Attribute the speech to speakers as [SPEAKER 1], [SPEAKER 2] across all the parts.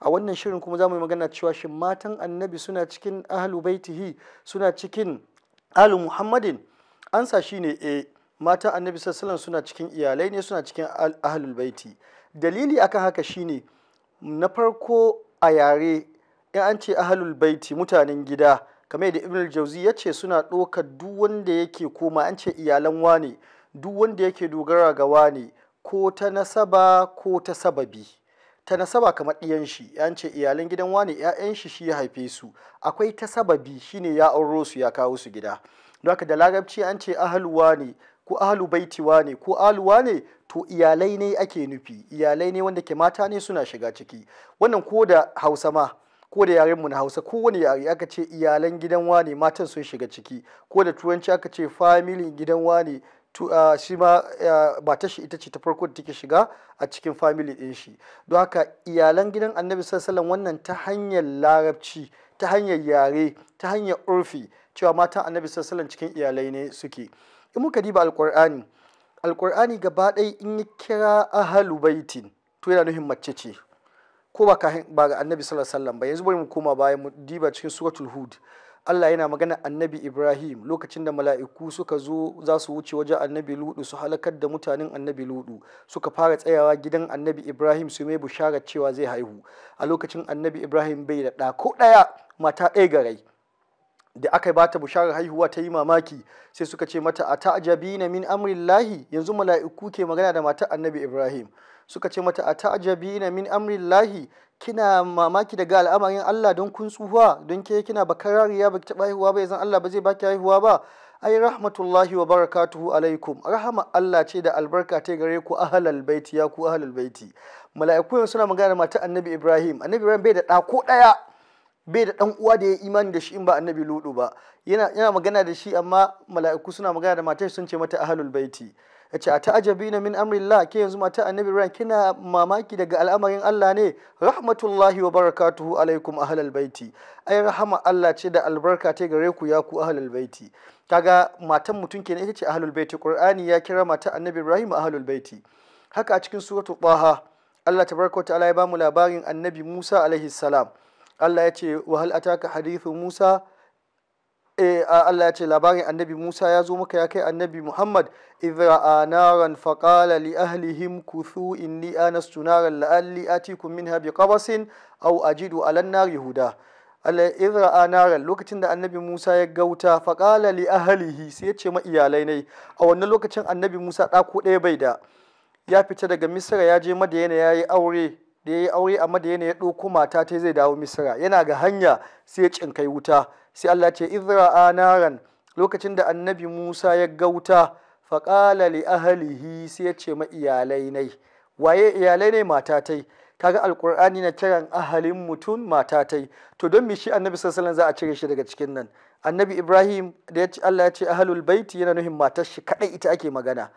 [SPEAKER 1] a wannan shirin kuma za mu yi magana cewa shin matan annabi suna cikin ahlu baitihi suna cikin ahlu muhammadin ansa shine e eh, matan annabi sassalan suna cikin iyalai ne suna cikin ahlu baiti dalili akan haka shine na farko a yare in an ce ahlu baiti mutanen gida kamar yadda ibn jauzi ya ce suna ɗaukar duk wanda yake koma an ce iyalan wane duk wanda yake dogara ga wane ko ta nasaba ko ta sababi ta nasaba kamar ɗiyan shi yan ce iyalan gidan wani 'ya'yan shi shi ya haife su akwai ta sababi shine ya auro su ya kawo su gida don haka da larabci an ce ahaluwa ne ko ahalu baitiwa ne ko aluwa ne to iyalai ne ake nufi iyalai ne wanda ke mata ne suna shiga ciki wannan ko da hausa ma ko da yarenmu na hausa ko wani yare aka ce iyalan gidan wane matan sun shiga ciki ko da turanci aka ce family gidan wane shi ma ba shi ita ce ta farko da take shiga a cikin family din shi don haka iyalan gidan annabi sallallahu wannan ta hanyar larabci ta hanyar yare ta hanyar urfi cewa matan annabi sallallahu cikin iyalai ne suke in muka diba alqur'ani alqur'ani gaba ɗaya in ya kira ahalu baitin to yana nufin mace ce ko ba ga annabi sallallahu alaihi wasallam ba yanzu bari mu koma bayan mu diba cikin suratul hud Allah yana magana annabi Ibrahim lokacin da mala'iku suka zo za su wuce wajen annabi Ludu su halakar da mutanen annabi Ludu suka fara tsayawa gidan annabi Ibrahim su mai bushara cewa zai haihu a lokacin annabi Ibrahim bai da ɗa ko ɗaya mata ɗaya garai da aka bata bisharar haihuwa ta yi mamaki sai suka ce mata a na min amrillahi yanzu mala'iku ke magana da matar annabi ibrahim suka ce mata a na min amrillahi kina mamaki daga al'amarin allah don kun tsuhuwa don ke kina bakarariya ba ki taɓa haihuwa ba yanzu allah ba zai baki haihuwa ba ai rahmatullahi wa barakatuhu alaikum rahama Allah ce da albarka ta gare ku ahlal baiti ya ku ahlal baiti mala'iku yanzu suna magana da mata annabi Ibrahim annabi Ibrahim bai da ɗa ko ɗaya bai da dan uwa da ya imani da shi in ba annabi ludu ba yana magana da shi amma mala'iku suna magana da matar sun ce mata ahlul baiti yace a na min amrillah ke yanzu mata annabi ibrahim kina mamaki daga al'amarin Allah ne rahmatullahi wa barakatuhu alaikum ahlul baiti ai rahama Allah ce da albarka ta gare ku ya ku ahlul baiti kaga matan mutum kenan ita ce ahlul baiti qur'ani ya kira mata annabi ibrahim ahlul baiti haka a cikin suratul taha Allah tabaraka wa ta'ala ya bamu labarin annabi Musa alaihi salam Allah ya ce wa hal ataka hadithu Musa eh Allah ya ce labarin annabi Musa ya zo maka ya kai annabi Muhammad idra anaran qala li ahlihim kuthu inni anastu naran la'alli atikum minha biqabasin aw ajidu alan nari huda Allah idra anaran lokacin da annabi Musa ya gauta qala li ahlihi sai ya ce ma iyalai ne a wannan lokacin annabi Musa ɗako ɗaya bai da ya fita daga Misra ya je Madina ya yi aure da ya yi aure a yana ya ɗauko mata ta zai dawo Misira. yana ga hanya sai ya cinkai wuta sai Allah ce izra'a naran lokacin da annabi Musa ya ga wuta faƙala li ahlihi sai ya ce ma iyalai nai waye iyalai ne matatai kaga alkur'ani na kiran ahalin mutum matatai to don mishi shi annabi sallallahu za a cire shi daga cikin nan annabi ibrahim da ya ce allah ya ce ahlul baiti yana nuhin matar shi kadai ita ake magana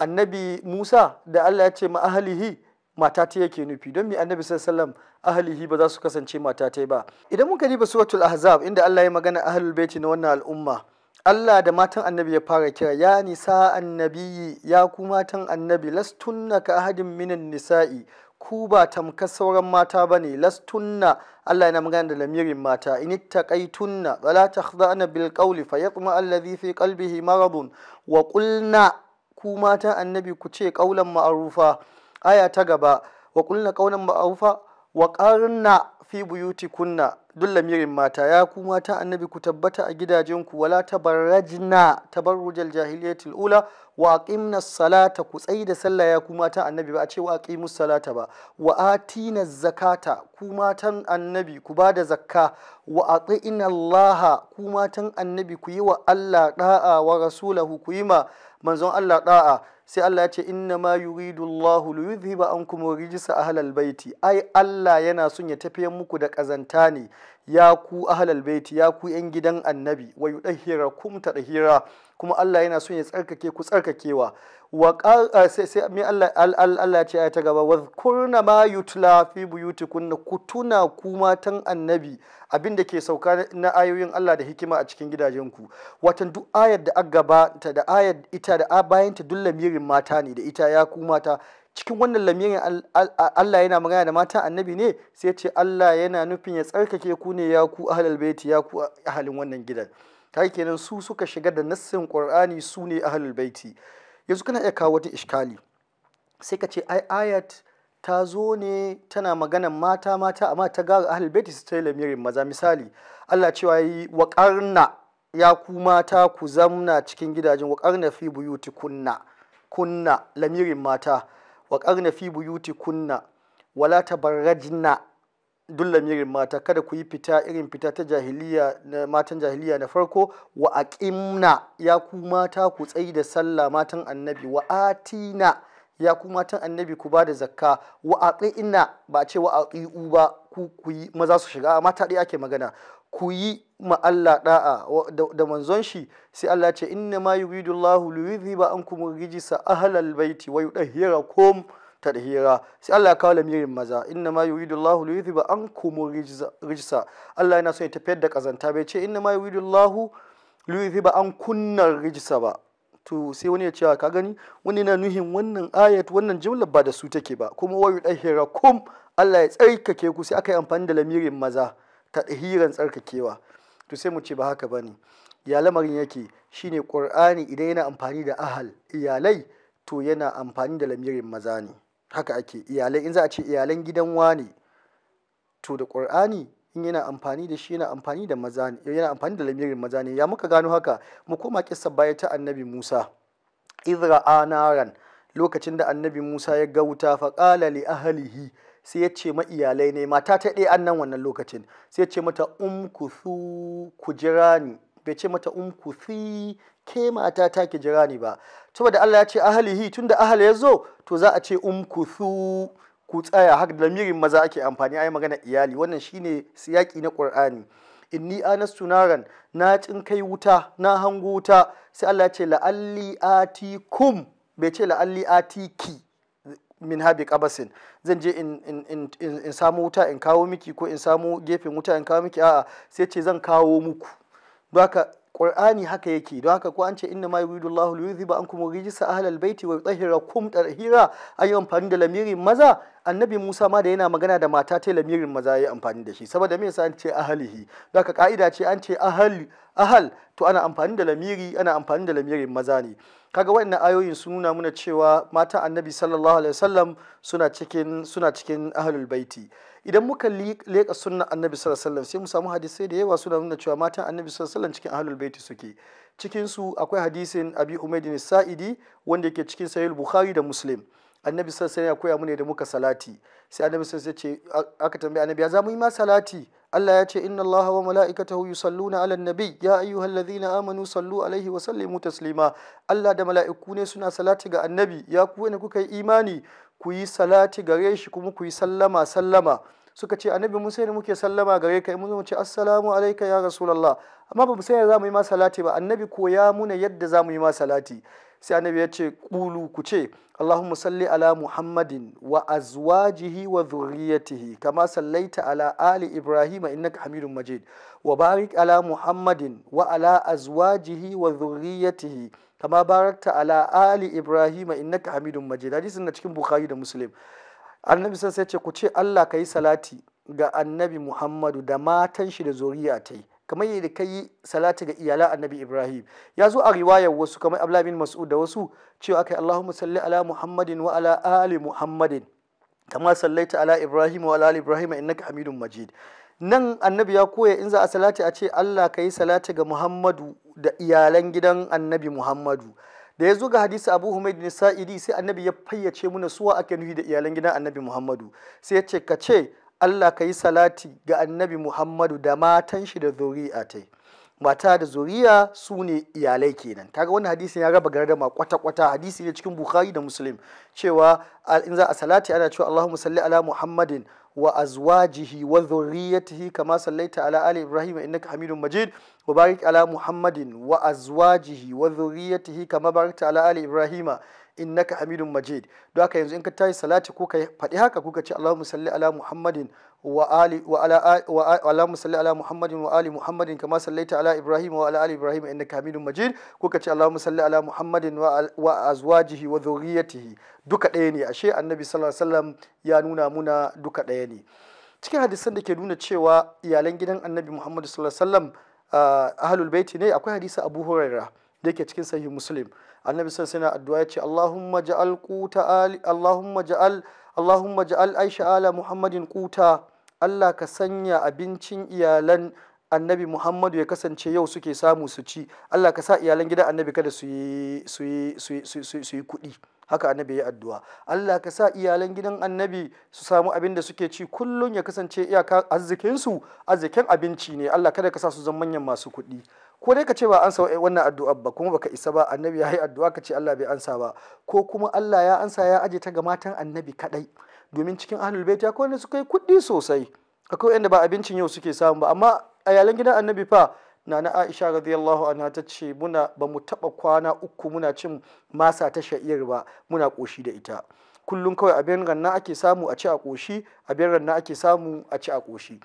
[SPEAKER 1] annabi musa da allah ya ce ma ahlihi mata ta yake nufi don mi annabi sallallahu ahlihi ba za su kasance mata ta ba idan muka diba suratul ahzab inda Allah ya magana ahlul baiti na wannan al'umma Allah da matan annabi ya fara kira ya nisa annabi ya ku matan annabi lastunna ka ahadin minan nisa'i ku ba tamka sauran mata ba ne lastunna Allah yana magana da lamirin mata in taqaitunna wala takhda'na bil qawli fayatma alladhi fi qalbihi maradun wa qulna ku matan annabi ku ce kaulan ma'rufa aya ta gaba wa qulna kaunan ma'rufa wa karna fi buyuti kunna duk lamirin mata ya ku mata annabi ku tabbata a gidajenku wala tabarrajna tabarrujal jahiliyatil ula wa aqimna salata ku tsayi da sallah ya ku mata annabi ba a ce wa aqimus salata ba wa atina zakata ku matan annabi ku ba da zakka wa atina Allah ku matan annabi ku yi wa Allah da'a wa rasulahu ku yi ma manzon Allah da'a sai Allah ya ce inna ma yuridu Allahu liyudhhiba ankum rijsa ahlal baiti ai Allah yana son ya tafi muku da ƙazanta ne ya ku ahalal baiti ya ku yan gidan annabi wa yudahira kum tadhira kuma Allah yana son ya tsarkake ku tsarkakewa wa eh, sai me Allah Allah ce ta gaba wa kurna ma yutla fi buyutikunna ku tuna ku matan annabi abinda ke sauka na ayoyin Allah da hikima a cikin gidajenku watan duk ayar da agaba ta da ayar ita da bayanta duk lamirin mata ne da ita ya ku mata cikin wannan lamirin Allah yana magana da matan annabi ne sai ce Allah yana nufin ya tsarkake ku ne ya ku ahlul baiti ya ku ahalin wannan gidan kai kenan su suka shiga da nassin Qur'ani su ne ahlul baiti yanzu kana iya kawo wata iskali sai ka ce ai ayat ta zo ne tana magana mata mata amma ta gara ahlul baiti su yi lamirin maza misali Allah cewa yi wa qarna ya ku mata ku zamna cikin gidajen wa qarna fi buyutikunna kunna lamirin mata wa ƙarna fi buyuti kunna wala tabarrajna duk lamirin mata kada ku yi fita irin fita ta jahiliya na matan jahiliya na farko wa aqimna ya ku mata ku tsayi da sallah matan annabi wa atina ya ku matan annabi ku ba da zakka wa aqina ba ce wa aqiu ba ku ku yi maza su shiga mata dai ake magana ku yi ma Allah da'a da manzon shi sai Allah ce inna ma yuridullahu liyudhiba ankum rijsa ahlal baiti wa kum tadhira sai Allah ya kawo lamirin maza inna ma ba an ankum rijsa Allah yana so ya tafiyar da kazanta bai ce inna ma yuridullahu ba an kunna rijsa ba to sai wani ya ce ka gani wani na nuhin wannan ayat wannan jimla ba da su take ba kuma wa kum Allah ya tsarkake ku sai aka yi amfani da lamirin maza ta hiran tsarkakewa to sai mu ce ba haka bane ya lamarin yake shine qur'ani idan yana amfani da ahal iyalai to yana amfani da lamirin maza ne haka ake iyalai in za a ce iyalan gidan wani to da qur'ani in yana amfani da shi yana amfani da maza ne yana amfani da lamirin maza ne ya muka gano haka mu koma kissa baya ta annabi Musa idra anaran lokacin da annabi Musa ya ga wuta faqala li ahlihi sai ya ce iyalai ne mata ta ɗaya annan wannan lokacin sai ya ce mata umkuthu ku jira ni bai ce mata umkuthi ke mata ta ki jira ni ba saboda Allah ya ce ahalihi da ahal ya zo to za a ce umkuthu ku tsaya har lamirin maza ake amfani yi magana iyali wannan shine siyaki na Qur'ani inni anastu naran na cin kai wuta na hango wuta sai Allah ya ce la'alli atikum bai ce la'alli atiki min habi kabasin zan je in samu wuta in kawo miki ko in samu gefen wuta in kawo miki a'a sai ce zan kawo muku don haka qur'ani haka yake don haka ko an ce inna ma yuridu Allahu li yudhiba ankum rijsa ahlal baiti wa yutahhirakum tahira ayi amfani da lamiri maza annabi Musa ma da yana magana da mata ta lamirin maza ya yi amfani da shi saboda me yasa an ce ahalihi ka ka'ida ce an ce ahal ahal to ana amfani da lamiri ana amfani da lamirin maza ne kaga waɗannan ayoyin sun nuna muna cewa matan annabi sallallahu alaihi wasallam suna cikin suna cikin ahlul baiti idan muka leka sunna annabi sallallahu alaihi wasallam sai mu samu hadisi da yawa suna nuna cewa matan annabi sallallahu alaihi wasallam cikin ahlul baiti suke cikin su akwai hadisin abi umaydin sa'idi wanda yake cikin sahih bukhari da muslim annabi sassan ya koya mana da muka salati sai annabi sai ce aka tambaye annabi ya za mu yi ma salati Allah ya ce inna Allah wa mala'ikatahu yusalluna 'alan nabi ya ayyuhallazina amanu sallu alaihi wa sallimu taslima Allah da mala'iku ne suna salati ga annabi ya ku ne kuka yi imani ku yi salati gare shi kuma ku yi sallama sallama suka ce annabi musa ne muke sallama gare ka mun ce assalamu alayka ya rasulullah amma ba mu sai za mu yi ma salati ba annabi koya muna yadda za mu yi ma salati sai annabi ya ce Kulu ku ce Allahumma salli ala Muhammadin wa azwajihi wa dhurriyyatihi kama sallaita ala ali Ibrahim innaka Hamidum Majid wa barik ala Muhammadin wa ala azwajihi wa dhurriyyatihi kama barakta ala ali Ibrahim innaka Hamidum Majid hadisin na cikin Bukhari da Muslim annabi sai ya ce ku ce Allah kai salati ga annabi Muhammadu da matan shi da zuriya ta yi kamar yadda ka yi salati ga iyalan annabi ibrahim ya zo a riwayar wasu kamar abdullahi bin mas'ud da wasu cewa yi Allahu salli ala muhammadin wa ala ali muhammadin kama sallaita ala ibrahim wa ala ali ibrahim innaka hamidun majid nan annabi ya koya in za a salati a ce allah ka yi salati ga muhammadu da iyalan gidan annabi muhammadu da ya zo ga hadisi abu humaid sa'idi sai annabi ya fayyace muna suwa ake nufi da iyalan gidan annabi muhammadu sai ya ce ka ce Allah ka yi salati ga annabi Muhammadu da matan shi da zuri'a ta mata da zuriya su ne iyalai kenan Ta ga wani hadisi ya raba ma kwata-kwata hadisi ne cikin bukhari da muslim cewa in za a salati ana cewa allahumma salli ala muhammadin wa azwajihi wa dhurriyyatihi kama sallaita ala ali ibrahim innaka hamidun majid wa barik ala muhammadin wa azwajihi wa dhurriyyatihi kama barakta ala ali ibrahim innaka hamidun majid don haka yanzu in ka tayi salati ko ka faɗi haka ko ka ce Allahumma salli ala Muhammadin wa ali wa ala wa Allahumma salli ala Muhammadin wa ali Muhammadin kama sallaita ala Ibrahim wa ala ali Ibrahim innaka hamidun majid ko ka ce Allahumma salli ala Muhammadin wa wa azwajihi wa dhurriyyatihi duka ɗaya ne ashe Annabi sallallahu alaihi wasallam ya nuna muna duka ɗaya ne cikin hadisan da ke nuna cewa iyalan gidan Annabi Muhammad sallallahu alaihi wasallam ah, ahlul baiti ne akwai hadisi Abu Hurairah da yake cikin sahih Muslim annabi sai yana addu'a ya ce Allahumma ja'al quta Allahumma ja'al Allahumma ja'al aisha ala Muhammadin quta Allah ka sanya abincin iyalan annabi Muhammadu ya kasance yau suke samu su ci Allah ka sa iyalan gidan annabi kada su yi su su su yi kuɗi haka annabi ya addu'a Allah ka sa iyalan gidan annabi su samu abin da suke ci kullum ya kasance iyaka arzikin su arzikin abinci ne Allah kada ka sa su zama manyan masu kuɗi ko dai ka ce ba an sa wannan addu'a ba kuma baka isa ba annabi ya yi addu'a ka ce Allah bai ansa ba ko kuma Allah ya ansa ya aje ta ga matan annabi kadai domin cikin ahlul bait akwai wanda suka yi kuɗi sosai akwai wanda ba abincin yau suke samu ba amma a yalan gidan annabi fa nana Aisha radiyallahu anha ta ce muna ba mu taba kwana uku muna cin masa ta sha'ir ba muna koshi da ita kullum kawai abin ranna ake samu a ci a koshi abin ranna ake samu a ci a koshi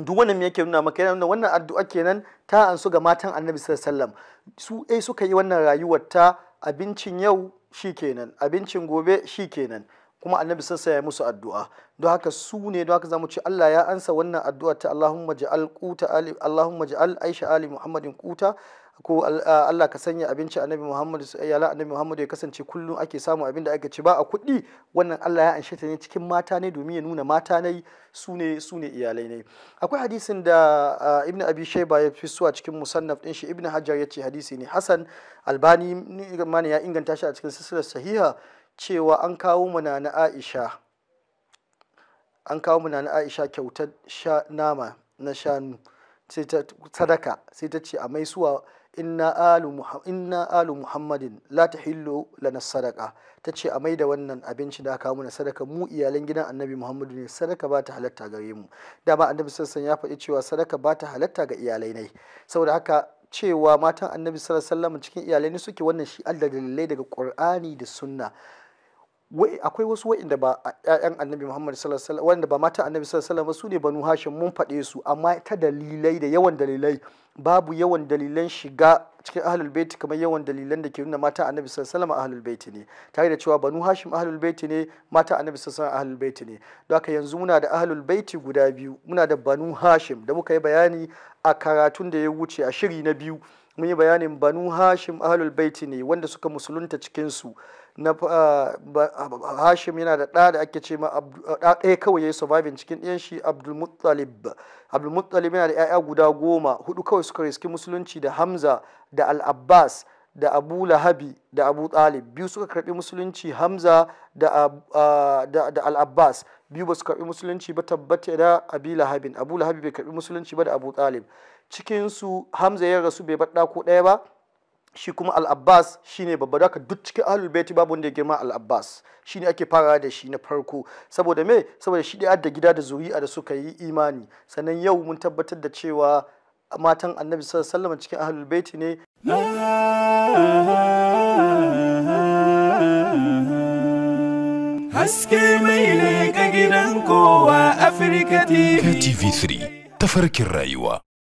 [SPEAKER 1] duk wannan me yake nuna maka yana wannan addu'a kenan ta ansu ga matan annabi sallallahu alaihi su eh suka yi wannan rayuwar ta abincin yau shi kenan abincin gobe shi kenan kuma annabi sassa ya musu addu'a don haka su ne don haka zamu ci Allah ya ansa wannan addu'a ta Allahumma ja'al quta ali Allahumma ja'al Aisha ali Muhammadin quta ko Allah ka sanya abinci annabi Muhammad a annabi Muhammad ya kasance kullum ake samu abin da aka ci ba a kuɗi wannan Allah ya anshe ta ne cikin mata ne domin ya nuna mata ne su ne su ne iyalai ne akwai hadisin da Ibn Abi Shayba ya fi suwa cikin musannaf din shi Ibn Hajar ya ce hadisi ne Hasan Albani mana ya inganta shi a cikin silsilar sahiha cewa an kawo mana na Aisha an kawo mana na Aisha kyautar nama na shanu sai ta sadaka sai ta ce a mai suwa inna alu inna alu muhammadin la tahillu lana sadaka tace a maida wannan abinci da aka mana sadaka mu iyalan gidan annabi muhammadu ne sadaka ba ta halatta gare mu dama annabi sallallahu ya faɗi cewa sadaka ba ta halatta ga iyalai ne saboda haka cewa matan annabi sallallahu alaihi wasallam cikin iyalai ne suke wannan shi da dalilai daga qur'ani da sunna akwai wasu wa'inda ba ƴaƴan annabi Muhammad sallallahu alaihi wasallam ba mata annabi sallallahu alaihi wasallam su ne banu hashim mun faɗe su amma ta dalilai da yawan dalilai babu yawan dalilan shiga cikin ahlul baiti kamar yawan dalilan da ke nuna mata annabi sallallahu alaihi wasallam ahlul baiti ne tare da cewa banu hashim ahlul baiti ne mata annabi sallallahu alaihi wasallam ahlul baiti ne don haka yanzu muna da ahlul baiti guda biyu muna da banu hashim da muka yi bayani a karatun da ya wuce a shiri na biyu mun yi bayanin banu hashim ahlul baiti ne wanda suka musulunta cikin su na uh, hashim yana da ɗa da ake ce ma uh, ɗaya kawai ya yi surviving cikin ɗiyan shi abdulmuttalib abdulmuttalib yana da 'ya'ya guda goma hudu kawai suka riski musulunci da hamza da al da abu lahabi da abu talib biyu suka karbi musulunci hamza da, al’abbas uh, al-abbas biyu ba su karbi musulunci ba tabbata da abu lahabin abu lahabi bai karbi musulunci ba da abu talib cikinsu hamza ya rasu bai baɗa ko ɗaya ba shi kuma al'abbas shi ne babba da duk cikin ahalul baiti babu wanda ya girma al'abbas shi ne ake fara da shi na farko saboda me saboda shi da gida da zuri'a da suka yi imani sannan yau mun tabbatar da cewa matan annabi sallallahu cikin ahalul baiti ne haske mai tafarkin rayuwa